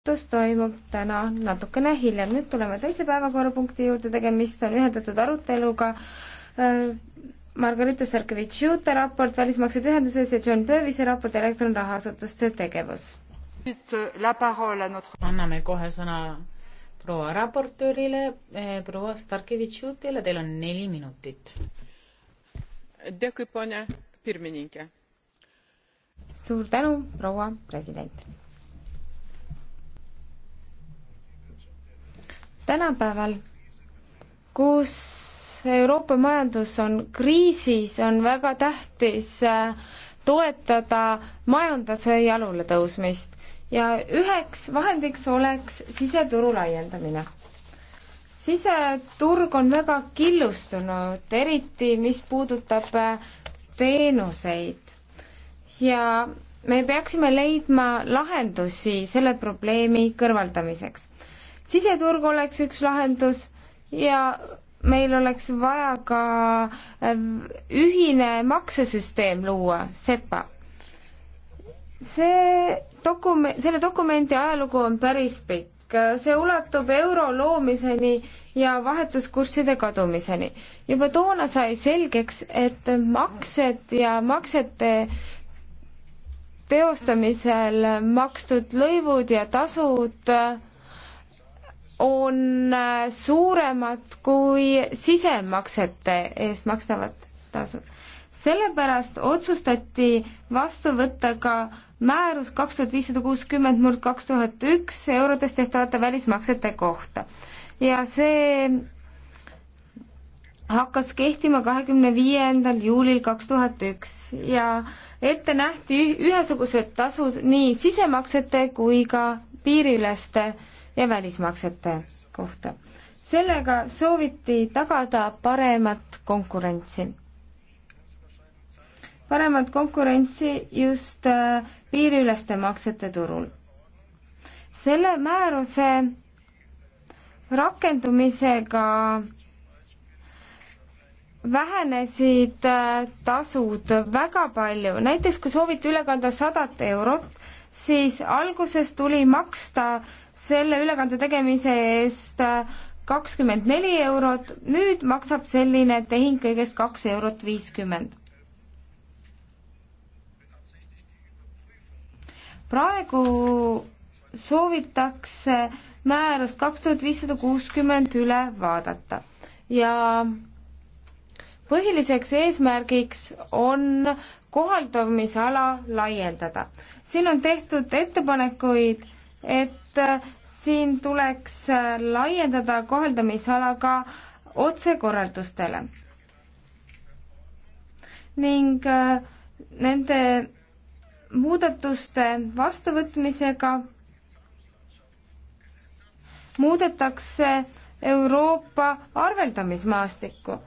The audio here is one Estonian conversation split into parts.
hääletus toimub täna natukene hiljem. nüüd tuleme teise päevakorrapunkti juurde, tegemist on ühendatud aruteluga äh, Margarita Sarkevitš-Juuta raport Välismaksed ühenduses ja John Pöövise raport Elektronrahaasutuste tegevus. Äh, anname kohe sõna proua raportöörile, äh, proua Starkevitš-Juutile, teil on neli minutit. suur tänu, proua president tänapäeval, kus Euroopa majandus on kriisis, on väga tähtis äh, toetada majanduse jalule tõusmist ja üheks vahendiks oleks siseturu laiendamine. siseturg on väga killustunud, eriti mis puudutab äh, teenuseid ja me peaksime leidma lahendusi selle probleemi kõrvaldamiseks siseturg oleks üks lahendus ja meil oleks vaja ka äh, ühine maksesüsteem luua, SEPA. see dokument, selle dokumendi ajalugu on päris pikk, see ulatub euro loomiseni ja vahetuskursside kadumiseni. juba toona sai selgeks, et maksed ja maksete teostamisel makstud lõivud ja tasud äh, on äh, suuremad kui sisemaksete eest makstavad tasud. sellepärast otsustati vastu võtta ka määrus kaks tuhat viissada kuuskümmend murd kaks tuhat üks eurodes tehtavate välismaksete kohta ja see hakkas kehtima kahekümne viiendal juulil kaks tuhat üks ja ette nähti ühesugused tasud nii sisemaksete kui ka piiriüleste äh, ja välismaksete kohta. sellega sooviti tagada paremat konkurentsi. paremat konkurentsi just äh, piiriüleste maksete turul. selle määruse rakendumisega vähenesid äh, tasud väga palju, näiteks kui sooviti üle kanda sadat eurot, siis alguses tuli maksta selle ülekande tegemise eest äh, kakskümmend neli eurot, nüüd maksab selline tehing kõigest kaks eurot viiskümmend. praegu soovitakse määrust kaks tuhat viissada kuuskümmend üle vaadata ja põhiliseks eesmärgiks on kohaldumisala laiendada. siin on tehtud ettepanekuid et äh, siin tuleks äh, laiendada kohaldamisala ka otsekorraldustele ning äh, nende muudatuste vastuvõtmisega muudetakse Euroopa arveldamismaastikku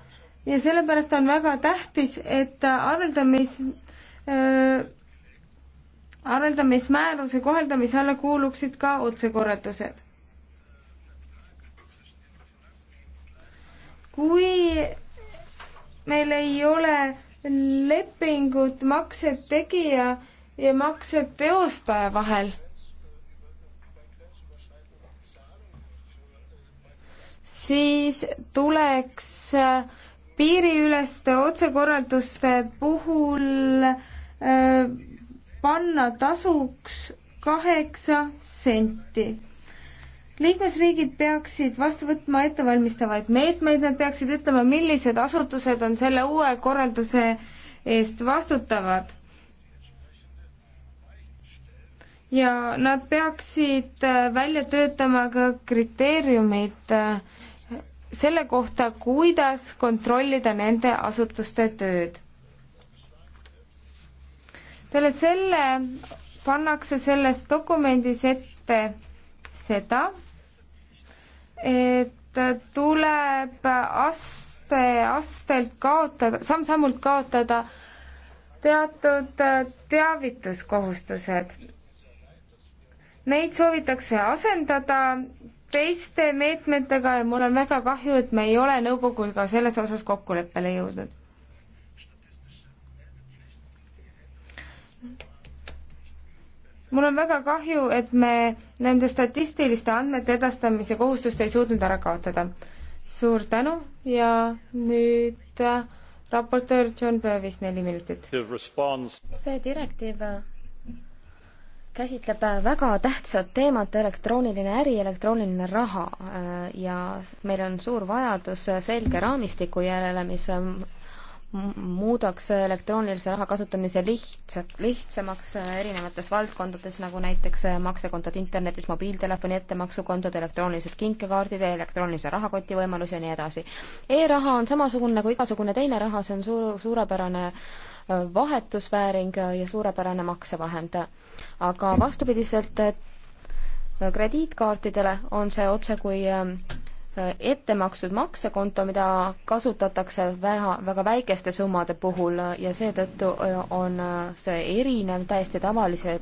ja sellepärast on väga tähtis, et arveldamis öö, arveldamismääruse kohaldamise alla kuuluksid ka otsekorraldused. kui meil ei ole lepingut maksed tegija ja maksed teostaja vahel, siis tuleks piiriüleste otsekorralduste puhul öö, äh, panna tasuks kaheksa senti liikmesriigid peaksid vastu võtma ettevalmistavaid meetmeid, nad peaksid ütlema, millised asutused on selle uue korralduse eest vastutavad. ja nad peaksid äh, välja töötama ka kriteeriumid äh, selle kohta, kuidas kontrollida nende asutuste tööd peale selle pannakse selles dokumendis ette seda, et tuleb aste, astelt kaotada sam, samm-sammult kaotada teatud teavituskohustused. Neid soovitakse asendada teiste meetmetega ja mul on väga kahju, et me ei ole nõukoguga selles osas kokkuleppele jõudnud mul on väga kahju, et me nende statistiliste andmete edastamise kohustust ei suutnud ära kaotada. suur tänu ja nüüd äh, raportöör John Purvis, neli minutit. see direktiiv äh, käsitleb äh, väga tähtsat teemat, elektrooniline äri, elektrooniline raha ja meil on suur vajadus selge raamistiku järele, mis muudaks elektroonilise raha kasutamise lihtsa, lihtsamaks äh, erinevates valdkondades, nagu näiteks äh, maksekontod internetis, mobiiltelefoni ettemaksukontod, elektroonilised kinkekaardid, elektroonilise rahakoti võimalus ja nii edasi e. e-raha on samasugune nagu igasugune teine raha, see on suur, suurepärane äh, vahetusvääring ja suurepärane maksevahend. aga vastupidiselt krediitkaartidele on see otsekui ette makstud maksekonto, mida kasutatakse väga, väga väikeste summade puhul ja seetõttu on see erinev täiesti tavalise,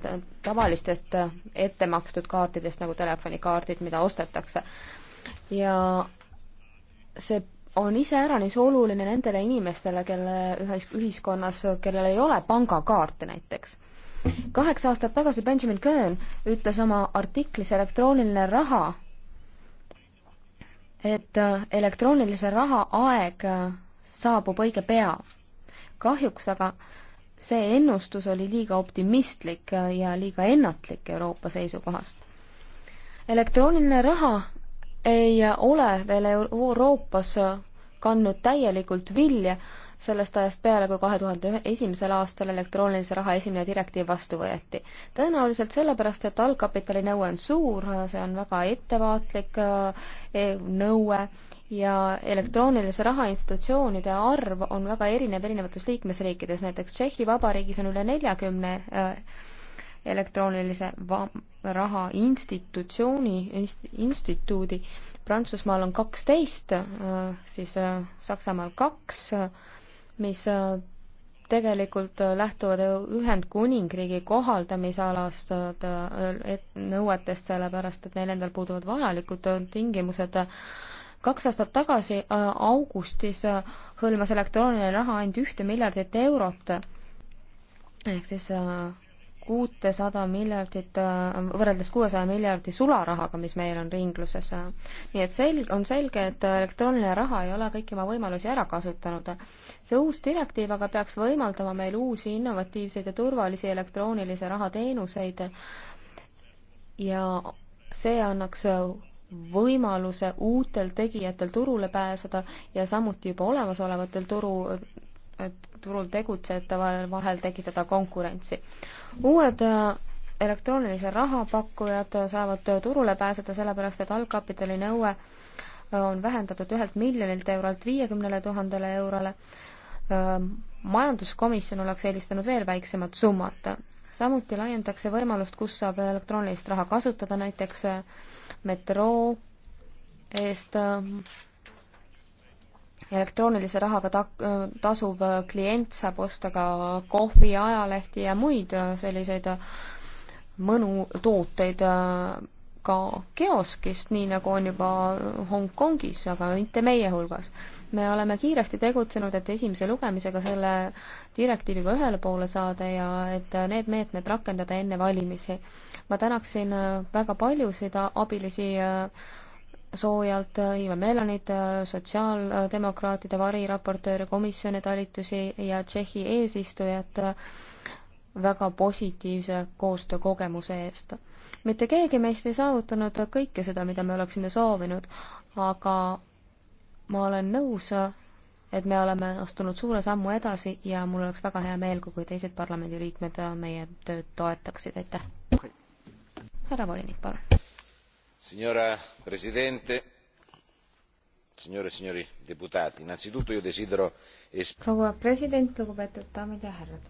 tavalistest ette makstud kaartidest, nagu telefonikaardid, mida ostetakse. ja see on iseäranis oluline nendele inimestele, kelle ühes ühiskonnas, kellel ei ole pangakaarte näiteks kaheksa aastat tagasi Benjamin Cohen ütles oma artiklis Elektrooniline raha et äh, elektroonilise raha aeg äh, saabub õige pea. kahjuks aga see ennustus oli liiga optimistlik äh, ja liiga ennatlik Euroopa seisukohast. elektrooniline raha ei ole veel Euroopas kandnud täielikult vilja sellest ajast peale, kui kahe tuhande esimesel aastal elektroonilise raha esimene direktiiv vastu võeti. tõenäoliselt sellepärast, et algkapitali nõue on suur, see on väga ettevaatlik eh, nõue ja elektroonilise raha institutsioonide arv on väga erinev erinevates liikmesriikides, näiteks Tšehhi Vabariigis on üle neljakümne eh, elektroonilise va-, raha institutsiooni inst,, instituudi Prantsusmaal on kaksteist, äh, siis äh, Saksamaal kaks, äh, mis tegelikult lähtuvad Ühendkuningriigi kohaldamisalast nõuetest, sellepärast et neil endal puuduvad vajalikud tingimused. kaks aastat tagasi augustis hõlmas elektrooniline raha ainult ühte miljardit eurot. ehk siis kuutesada miljardit, võrreldes kuuesaja miljardi sularahaga, mis meil on ringluses. nii et selg-, on selge, et elektrooniline raha ei ole kõiki oma võimalusi ära kasutanud. see uus direktiiv aga peaks võimaldama meil uusi innovatiivseid ja turvalisi elektroonilise raha teenuseid ja see annaks võimaluse uutel tegijatel turule pääseda ja samuti juba olemasolevatel turu turul tegutsejate vahel tekitada konkurentsi. uued äh, elektroonilise raha pakkujad saavad turule pääseda sellepärast, et algkapitali nõue äh, on vähendatud ühelt miljonilt eurolt viiekümnele tuhandele eurole. Äh, majanduskomisjon oleks eelistanud veel väiksemat summat. samuti laiendatakse võimalust, kus saab elektroonilist raha kasutada, näiteks metroo eest elektroonilise rahaga ta-, tasuv äh, klient saab osta ka kohvi, ajalehti ja muid äh, selliseid äh, mõnutooteid ka kioskist, nii nagu on juba Hongkongis, aga mitte meie hulgas. me oleme kiiresti tegutsenud, et esimese lugemisega selle direktiiviga ühele poole saada ja et need meetmed rakendada enne valimisi. ma tänaksin väga paljusid abilisi äh, soojalt äh, Ivo Melanit, äh, sotsiaaldemokraatide variraportööre, komisjoni talitusi ja Tšehhi eesistujat äh, väga positiivse koostöökogemuse eest. mitte keegi meist ei saavutanud kõike seda, mida me oleksime soovinud, aga ma olen nõus, et me oleme astunud suure sammu edasi ja mul oleks väga hea meel, kui teised parlamendiliikmed meie tööd toetaksid, aitäh! härra volinik, palun! signora presidente signore e signori deputati innanzitutto io desidero proua president lugupeetud daamid ja härrad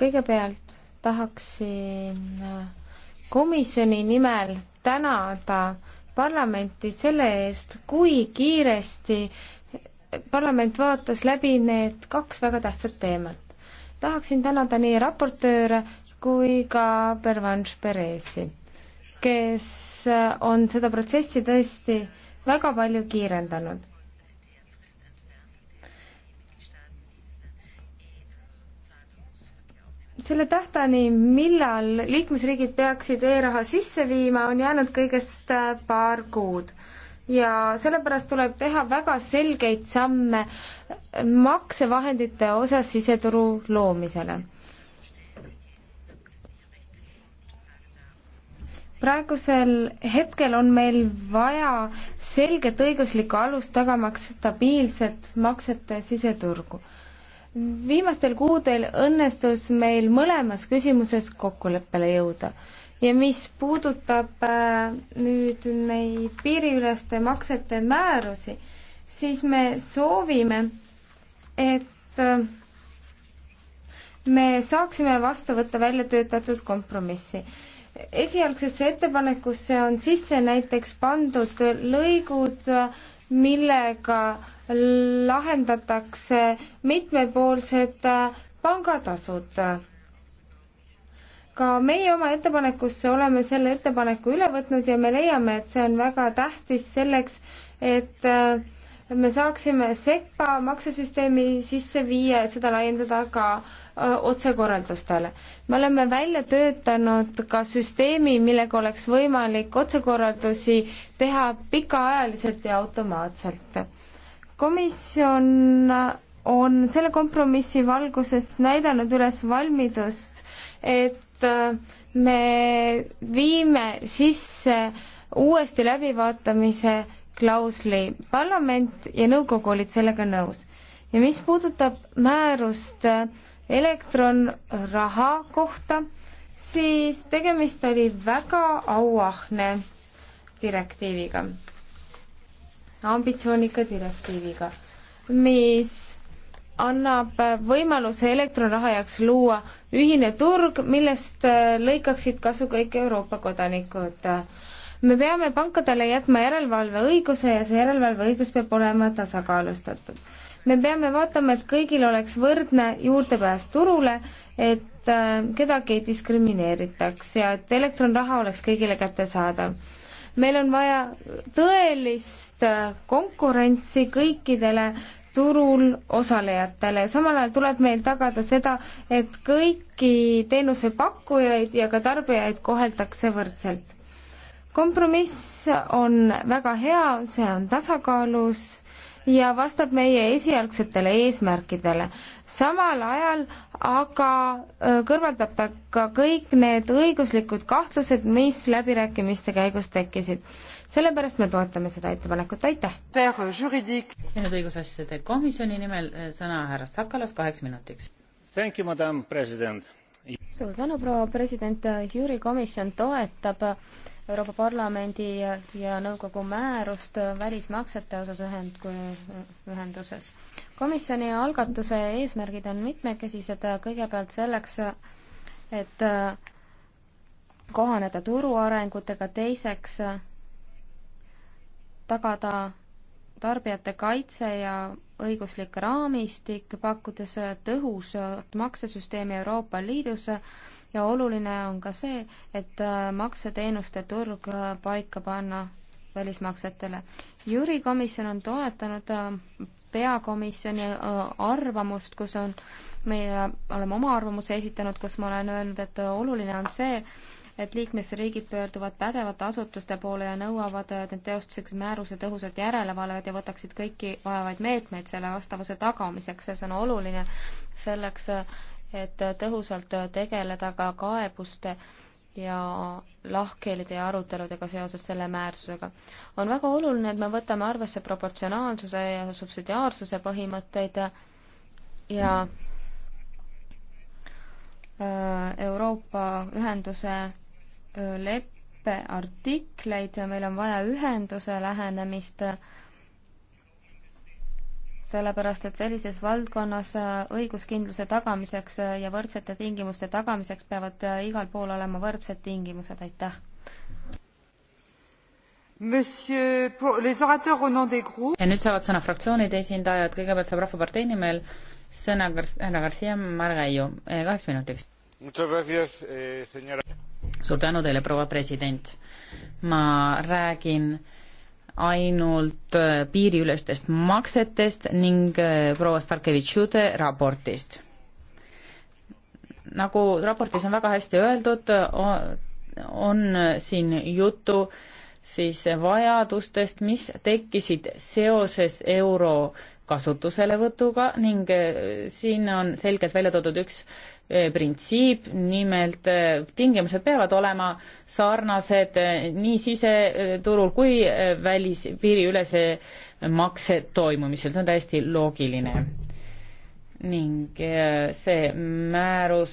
kõigepealt tahaksin äh, komisjoni nimel tänada parlamenti selle eest kui kiiresti parlament vaatas läbi need kaks väga tähtsat teemat tahaksin tänada nii raportööre kui ka Pervanche Perezi kes äh, on seda protsessi tõesti väga palju kiirendanud. selle tähtani, millal liikmesriigid peaksid e-raha sisse viima, on jäänud kõigest äh, paar kuud ja sellepärast tuleb teha väga selgeid samme maksevahendite osas siseturu loomisele. praegusel hetkel on meil vaja selget õiguslikku alust tagamaks stabiilset maksete siseturgu. viimastel kuudel õnnestus meil mõlemas küsimuses kokkuleppele jõuda ja mis puudutab äh, nüüd neid piiriüleste maksete määrusi, siis me soovime, et äh, me saaksime vastu võtta välja töötatud kompromissi esialgsesse ettepanekusse on sisse näiteks pandud lõigud, millega lahendatakse mitmepoolsed pangatasud. ka meie oma ettepanekusse oleme selle ettepaneku üle võtnud ja me leiame, et see on väga tähtis selleks, et äh, me saaksime SEPA maksesüsteemi sisse viia ja seda laiendada ka otsekorraldustele. me oleme välja töötanud ka süsteemi, millega oleks võimalik otsekorraldusi teha pikaajaliselt ja automaatselt. komisjon on selle kompromissi valguses näidanud üles valmidust, et me viime sisse uuesti läbivaatamise klausli. parlament ja nõukogu olid sellega nõus. ja mis puudutab määrust äh, elektronraha kohta, siis tegemist oli väga auahne direktiiviga, ambitsioonika direktiiviga, mis annab võimaluse elektronraha jaoks luua ühine turg, millest äh, lõikaksid kasu kõik Euroopa kodanikud me peame pankadele jätma järelevalveõiguse ja see järelevalveõigus peab olema tasakaalustatud. me peame vaatama, et kõigil oleks võrdne juurdepääs turule, et äh, kedagi ei diskrimineeritaks ja et elektronraha oleks kõigile kättesaadav. meil on vaja tõelist äh, konkurentsi kõikidele turul osalejatele, samal ajal tuleb meil tagada seda, et kõiki teenusepakkujaid ja ka tarbijaid koheldakse võrdselt kompromiss on väga hea, see on tasakaalus ja vastab meie esialgsetele eesmärkidele. samal ajal aga kõrvaldab ta ka kõik need õiguslikud kahtlused, mis läbirääkimiste käigus tekkisid. sellepärast me toetame seda ettepanekut, aitäh! ja nüüd õigusasjade komisjoni nimel sõna härra Sakalas kaheks minutiks. Thank you, madam president! suur tänu, proua president, juurikomisjon toetab Euroopa Parlamendi ja, ja nõukogu määrust välismaksete osas ühend, ühenduses. komisjoni algatuse eesmärgid on mitmekesised, kõigepealt selleks, et kohaneda turu arengutega, teiseks tagada tarbijate kaitse ja õiguslik raamistik, pakkudes tõhusat maksesüsteemi Euroopa Liidus ja oluline on ka see, et äh, makseteenuste turg äh, paika panna välismaksetele. jüri komisjon on toetanud äh, peakomisjoni arvamust, kus on, meie oleme oma arvamuse esitanud, kus ma olen öelnud, et oluline on see, et liikmesriigid pöörduvad pädevate asutuste poole ja nõuavad, et need teostuseks määruse tõhusat järelevalvet ja võtaksid kõiki vajavaid meetmeid selle vastavuse tagamiseks ja see on oluline selleks, et tõhusalt tegeleda ka kaebuste ja lahkhelide ja aruteludega seoses selle määrsusega. on väga oluline, et me võtame arvesse proportsionaalsuse ja subsidiaarsuse põhimõtteid ja äh, Euroopa Ühenduse äh, leppe artikleid ja meil on vaja ühenduse lähenemist äh, sellepärast et sellises valdkonnas äh, õiguskindluse tagamiseks äh, ja võrdsete tingimuste tagamiseks peavad äh, igal pool olema võrdsed tingimused, aitäh. ja nüüd saavad sõna fraktsioonide esindajad, kõigepealt saab Rahvapartei nimel sõna härra Garcia Margallo, eh, kaheks minutiks. Eh, suur tänu teile, proua president. ma räägin ainult äh, piiriülestest maksetest ning äh, proua Starkevitšute raportist. nagu raportis on väga hästi öeldud, on äh, siin juttu siis vajadustest, mis tekkisid seoses euro kasutuselevõtuga ning siin on selgelt välja toodud üks Eh, printsiip, nimelt eh, tingimused peavad olema sarnased eh, nii siseturul kui välispiiriülese makse toimumisel, see on täiesti loogiline. ning see määrus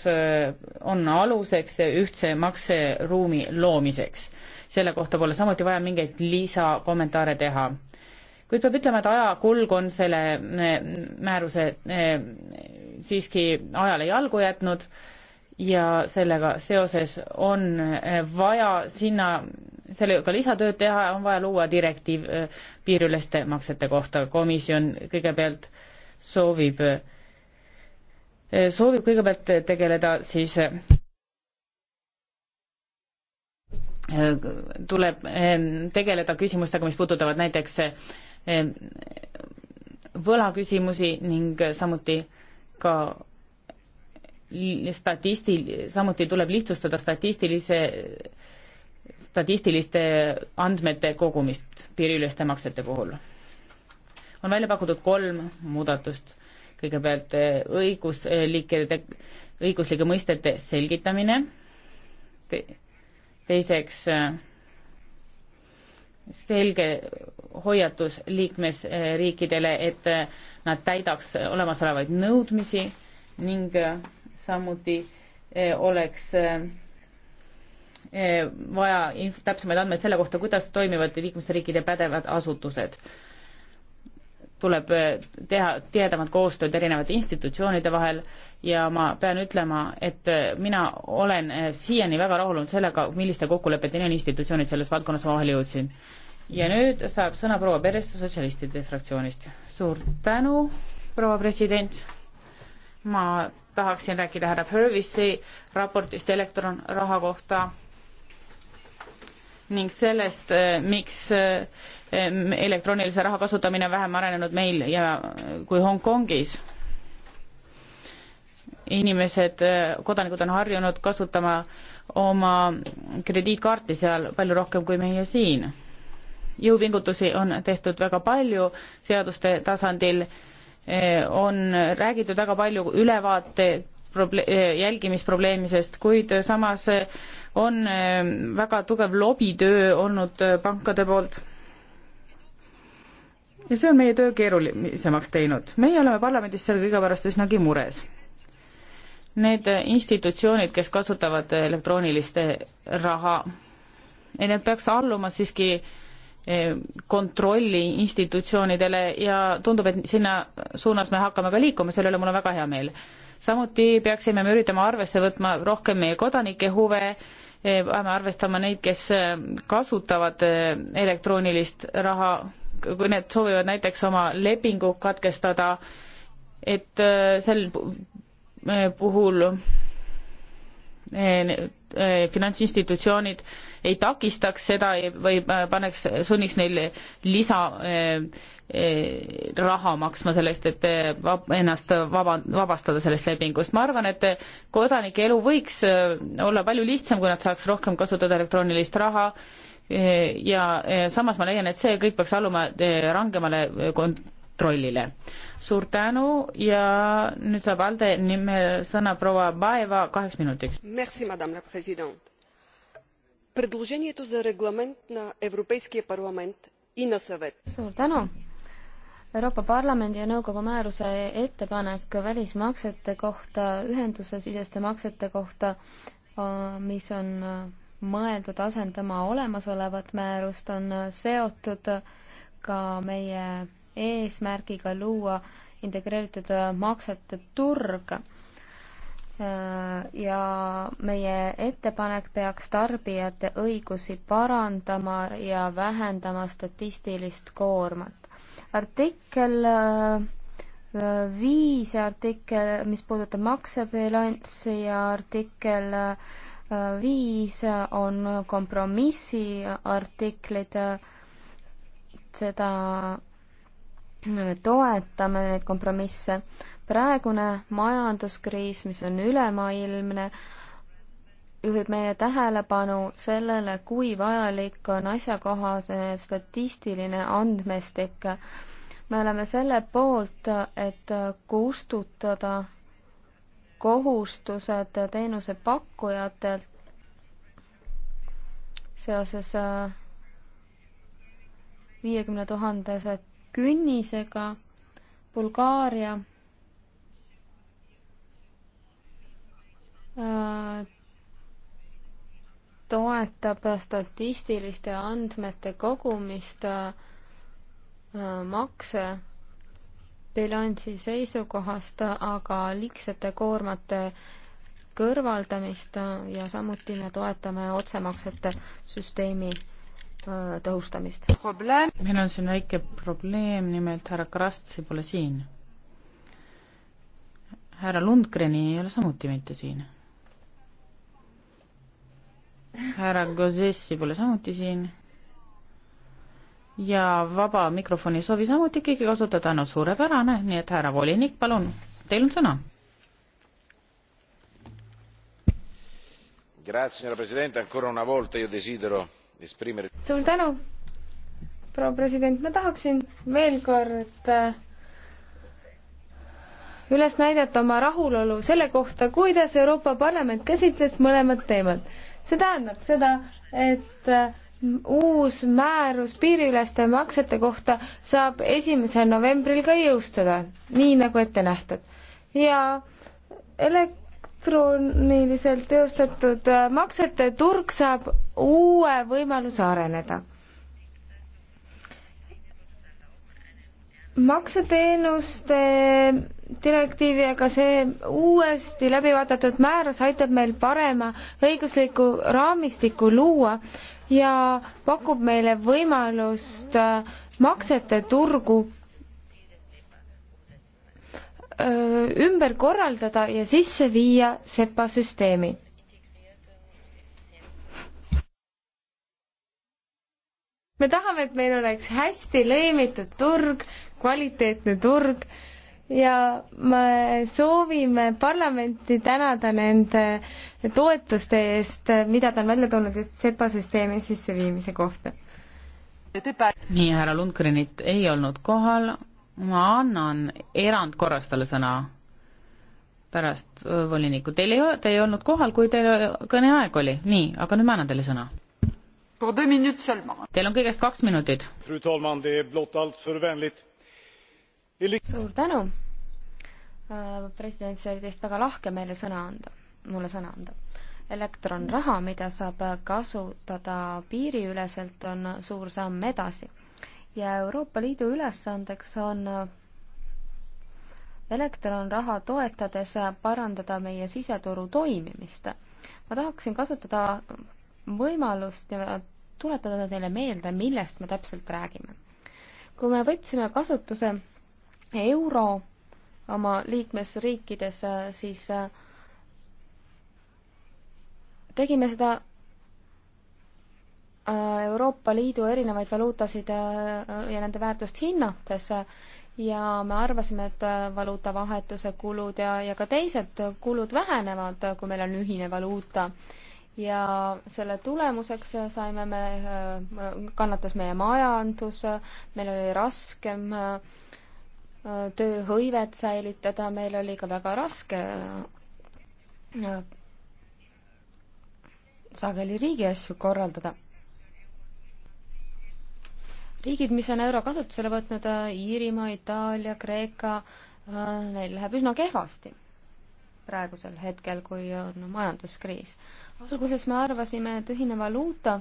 on aluseks ühtse makseruumi loomiseks. selle kohta pole samuti vaja mingeid lisakommentaare teha kuid peab ütlema, et ajakulg on selle määruse siiski ajale jalgu jätnud ja sellega seoses on eh, vaja sinna, sellega lisatööd teha, on vaja luua direktiiv eh, piiriüleste maksete kohta. komisjon kõigepealt soovib, eh, soovib kõigepealt tegeleda siis tuleb tegeleda küsimustega, mis puudutavad näiteks võlaküsimusi ning samuti ka statisti-, samuti tuleb lihtsustada statistilise, statistiliste andmete kogumist piiriüleste maksete puhul. on välja pakutud kolm muudatust. kõigepealt eh, õiguslike, õiguslike mõistete selgitamine Te,, teiseks eh, selge hoiatus liikmesriikidele, et eh, nad täidaks olemasolevaid nõudmisi ning äh, samuti äh, oleks äh, vaja täpsemaid andmeid selle kohta, kuidas toimivad liikmesriikide pädevad asutused. tuleb teha tihedamat koostööd erinevate institutsioonide vahel ja ma pean ütlema, et mina olen siiani väga rahul olnud sellega, milliste kokkulepeteni on institutsioonid selles valdkonnas omavahel jõudsid ja nüüd saab sõna proua Peres sotsialistide fraktsioonist. suur tänu, proua president. ma tahaksin rääkida härra Purvisi raportist elektronraha kohta ning sellest, eh, miks eh, elektroonilise raha kasutamine on vähem arenenud meil ja eh, kui Hongkongis. inimesed, kodanikud on harjunud kasutama oma krediitkaarti seal palju rohkem kui meie siin jõupingutusi on tehtud väga palju seaduste tasandil, eh, on räägitud väga palju ülevaate proble-, eh, jälgimisprobleemidest, kuid samas on eh, väga tugev lobitöö olnud pankade poolt. ja see on meie töö keerulisemaks teinud. meie oleme parlamendis selle kõige pärast üsnagi mures. Need institutsioonid, kes kasutavad elektrooniliste raha, need peaks alluma siiski äh, kontrolli institutsioonidele ja tundub, et sinna suunas me hakkame ka liikuma, selle üle mul on väga hea meel. samuti peaksime me üritama arvesse võtma rohkem meie kodanike huve, peame arvestama neid, kes kasutavad elektroonilist raha, kui need soovivad näiteks oma lepingu katkestada, et sel puhul eh, eh, finantsinstitutsioonid ei takistaks seda või äh, paneks, sunniks neil lisa äh, äh, raha maksma selle eest, et ennast vaba, vabastada sellest lepingust. ma arvan, et kodanike elu võiks olla palju lihtsam, kui nad saaks rohkem kasutada elektroonilist raha ja samas ma leian, et see kõik peaks alluma rangemale kontrollile. suur tänu ja nüüd saab Alde nimel sõna proua Baeva kaheks minutiks. Merci, madame la president предложението за регламент на Европейския парламент и на съвет. Suur tänu. Euroopa Parlamendi ja Nõukogu määruse ettepanek välismaksete kohta, ühendusesiseste maksete kohta, äh, mis on äh, mõeldud asendama olemasolevat määrust, on äh, seotud ka meie eesmärgiga luua integreeritud maksete turg Äh, ja meie ettepanek peaks tarbijate õigusi parandama ja vähendama statistilist koormat. artikkel äh, viis ja artikkel, mis puudutab maksebilanssi ja artikkel äh, viis on kompromissi artiklid, seda me toetame neid kompromisse. praegune majanduskriis, mis on ülemaailmne, juhib meie tähelepanu sellele, kui vajalik on asjakohane statistiline andmestik. me oleme selle poolt, et kustutada kohustused teenusepakkujatelt seoses äh, viiekümne tuhandese künnisega Bulgaaria äh, toetab statistiliste andmete kogumist äh, makse bilansi seisukohast, aga liigsete koormate kõrvaldamist ja samuti me toetame otsemaksete süsteemi Äh, tõhustamist. meil on siin väike probleem, nimelt härra Krastsi pole siin. härra Lundgreni ei ole samuti mitte siin. härra Gozessi pole samuti siin. ja vaba mikrofoni soovi samuti keegi kasutada, no suurepärane, nii et härra volinik, palun, teil on sõna. Grazie signora Presidente, ancora una volta io desidero esprimere. suur tänu, proua president, ma tahaksin veel kord äh, üles näidata oma rahulolu selle kohta, kuidas Euroopa Parlament käsitles mõlemat teemat. see tähendab seda, et äh, uus määrus piiriüleste maksete kohta saab esimesel novembril ka jõustuda, nii nagu ette nähtud. ja elek-, elektrooniliselt teostatud äh, maksete turg saab uue võimaluse areneda. makseteenuste direktiivi, aga see uuesti läbi vaadatud määrus aitab meil parema õigusliku raamistiku luua ja pakub meile võimalust äh, maksete turgu ümber korraldada ja sisse viia SEPA süsteemi. me tahame, et meil oleks hästi lõimitud turg, kvaliteetne turg ja me soovime parlamenti tänada nende toetuste eest, mida ta on välja toonud just SEPA süsteemi sisseviimise kohta. nii, härra Lundgrenit ei olnud kohal ma annan erandkorras talle sõna pärast volinikku. Teil ei, te ei olnud kohal, kui teil kõneaeg oli. nii, aga nüüd ma annan teile sõna. Teil on kõigest kaks minutit. suur tänu. president, see oli teist väga lahke meile sõna anda, mulle sõna anda. elektronraha, mida saab kasutada piiriüleselt, on suur samm edasi ja Euroopa Liidu ülesandeks on äh, elektronraha toetades äh, parandada meie siseturu toimimist. ma tahaksin kasutada võimalust ja tuletada teile meelde, millest me täpselt räägime. kui me võtsime kasutuse euro oma liikmesriikides, äh, siis tegime seda Äh, Euroopa Liidu erinevaid valuutasid äh, ja nende väärtust hinnates äh, ja me arvasime, et valuutavahetuse kulud ja, ja ka teised kulud vähenevad, kui meil on ühine valuuta. ja selle tulemuseks saime me, kannatas meie majandus, meil oli raskem tööhõivet säilitada, meil oli ka väga raske sageli riigiasju korraldada riigid, mis on euro kasutusele võtnud, äh, Iirimaa, Itaalia, Kreeka, äh, neil läheb üsna kehvasti praegusel hetkel, kui on no, majanduskriis. alguses me arvasime, et ühine valuuta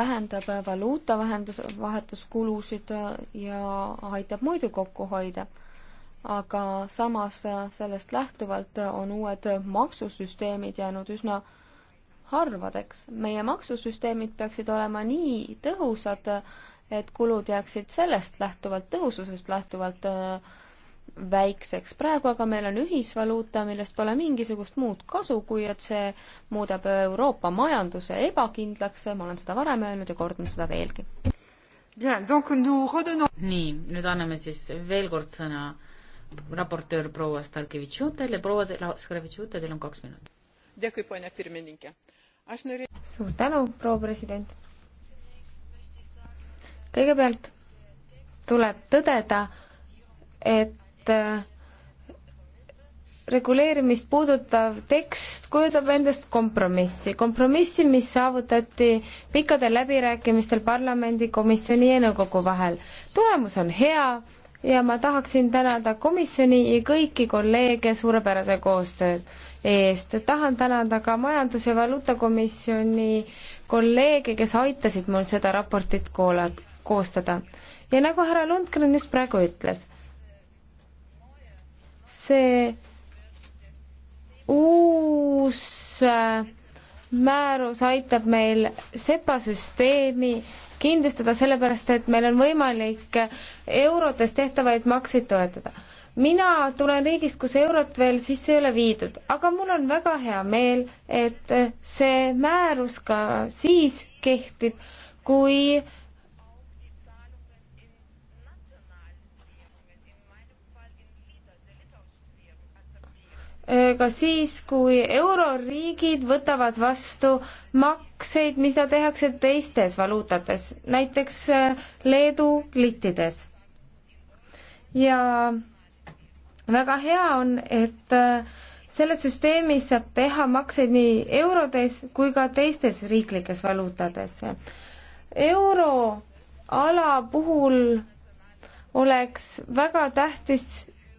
vähendab äh, valuuta vahendus, vahetuskulusid ja aitab muidu kokku hoida. aga samas sellest lähtuvalt on uued maksusüsteemid jäänud üsna äh, harvadeks. meie maksusüsteemid peaksid olema nii tõhusad, et kulud jääksid sellest lähtuvalt, tõhususest lähtuvalt äh, väikseks. praegu aga meil on ühisvaluuta, millest pole mingisugust muud kasu, kui et see muudab Euroopa majanduse ebakindlaks, ma olen seda varem öelnud ja kordan seda veelgi. nii, nüüd anname siis veel kord sõna raportöör proua Starkevitšutele, proua Starkevitšutele on kaks minutit suur tänu, proua president. kõigepealt tuleb tõdeda, et äh, reguleerimist puudutav tekst kujutab endast kompromissi, kompromissi, mis saavutati pikkadel läbirääkimistel parlamendi, komisjoni ja nõukogu vahel. tulemus on hea ja ma tahaksin tänada komisjoni ja kõiki kolleege suurepärase koostööd eest. tahan tänada ka Majandus- ja Valuutakomisjoni kolleege, kes aitasid mul seda raportit koola-, koostada. ja nagu härra Lundgren just praegu ütles, see uus äh, määrus aitab meil SEPA süsteemi kindlustada, sellepärast et meil on võimalik eurodes tehtavaid makseid toetada mina tulen riigist, kus eurot veel sisse ei ole viidud, aga mul on väga hea meel, et see määrus ka siis kehtib, kui ka siis, kui euroriigid võtavad vastu makseid, mida tehakse teistes valuutates, näiteks Leedu littides. ja väga hea on, et äh, selles süsteemis saab teha makseid nii eurodes kui ka teistes riiklikes valuutades. euroala puhul oleks väga tähtis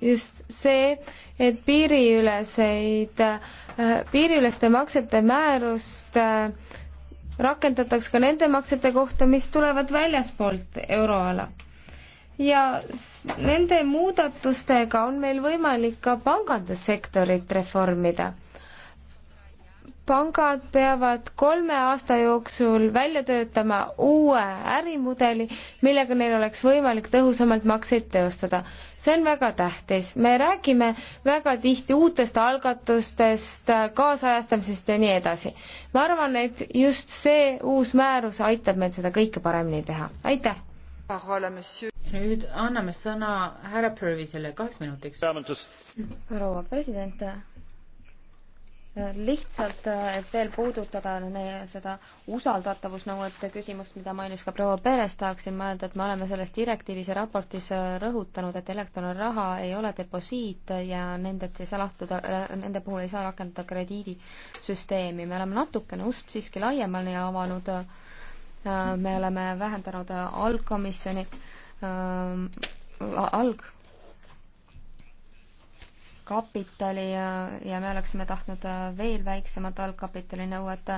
just see, et piiriüleseid, äh, piiriüleste maksete määrust äh, rakendataks ka nende maksete kohta, mis tulevad väljaspoolt euroala ja nende muudatustega on meil võimalik ka pangandussektorit reformida. pangad peavad kolme aasta jooksul välja töötama uue ärimudeli, millega neil oleks võimalik tõhusamalt makseid teostada. see on väga tähtis, me räägime väga tihti uutest algatustest, kaasajastamisest ja nii edasi. ma arvan, et just see uus määrus aitab meil seda kõike paremini teha, aitäh! parole à monsieur nüüd anname sõna härra Purvisele kaheks minutiks. proua president, lihtsalt, et veel puudutada meie seda usaldatavusnõuete küsimust, mida mainis ka proua Peres, tahaksin ma öelda, et me oleme selles direktiivis ja raportis rõhutanud, et elektronraha ei ole deposiit ja nendelt ei saa lahtuda, nende puhul ei saa rakendada krediidisüsteemi. me oleme natukene ust siiski laiemale avanud, me oleme vähendanud algkomisjoni algkapitali ja, ja me oleksime tahtnud veel väiksemat algkapitali nõuet,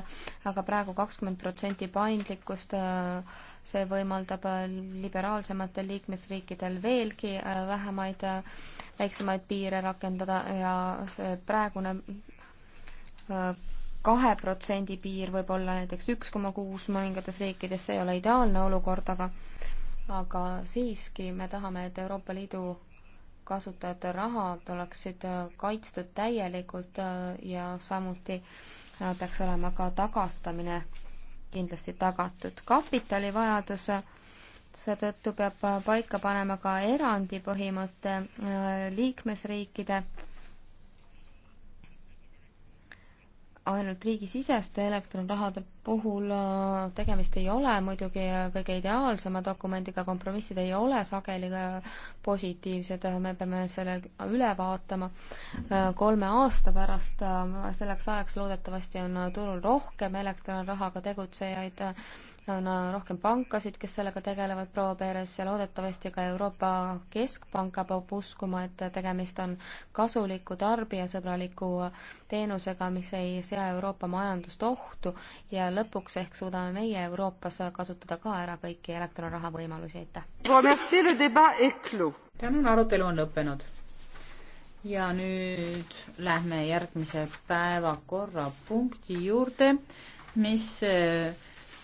aga praegu kakskümmend protsenti paindlikkust, see võimaldab liberaalsematel liikmesriikidel veelgi vähemaid, väiksemaid piire rakendada ja see praegune kahe protsendi piir võib olla näiteks üks koma kuus mõningates riikides, see ei ole ideaalne olukord, aga aga siiski me tahame, et Euroopa Liidu kasutajate rahad oleksid äh, kaitstud täielikult äh, ja samuti äh, peaks olema ka tagastamine kindlasti tagatud. kapitalivajadus, seetõttu peab paika panema ka erandi põhimõte liikmesriikide ainult riigisiseste elektronrahade puhul äh, tegemist ei ole muidugi äh, kõige ideaalsema dokumendiga, kompromissid ei ole sageli äh, positiivsed, me peame selle üle vaatama kolme aasta pärast, selleks ajaks loodetavasti on turul rohkem elektronrahaga tegutsejaid on äh, rohkem pankasid, kes sellega tegelevad proua Peeres ja loodetavasti ka Euroopa Keskpank hakkab uskuma, et tegemist on kasuliku tarbijasõbraliku teenusega, mis ei sea Euroopa majandust ohtu ja lõpuks ehk suudame meie Euroopas kasutada ka ära kõiki elektronraha võimalusi, aitäh! tänan, arutelu on lõppenud ja nüüd lähme järgmise päevakorrapunkti juurde, mis äh,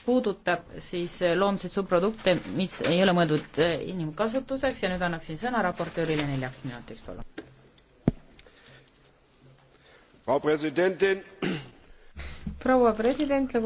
puudutab siis eh, loomseid subprodukte, mis ei ole mõeldud eh, inimkasutuseks ja nüüd annaksin sõna raportöörile neljaks minutiks, palun. proua president, lugu-.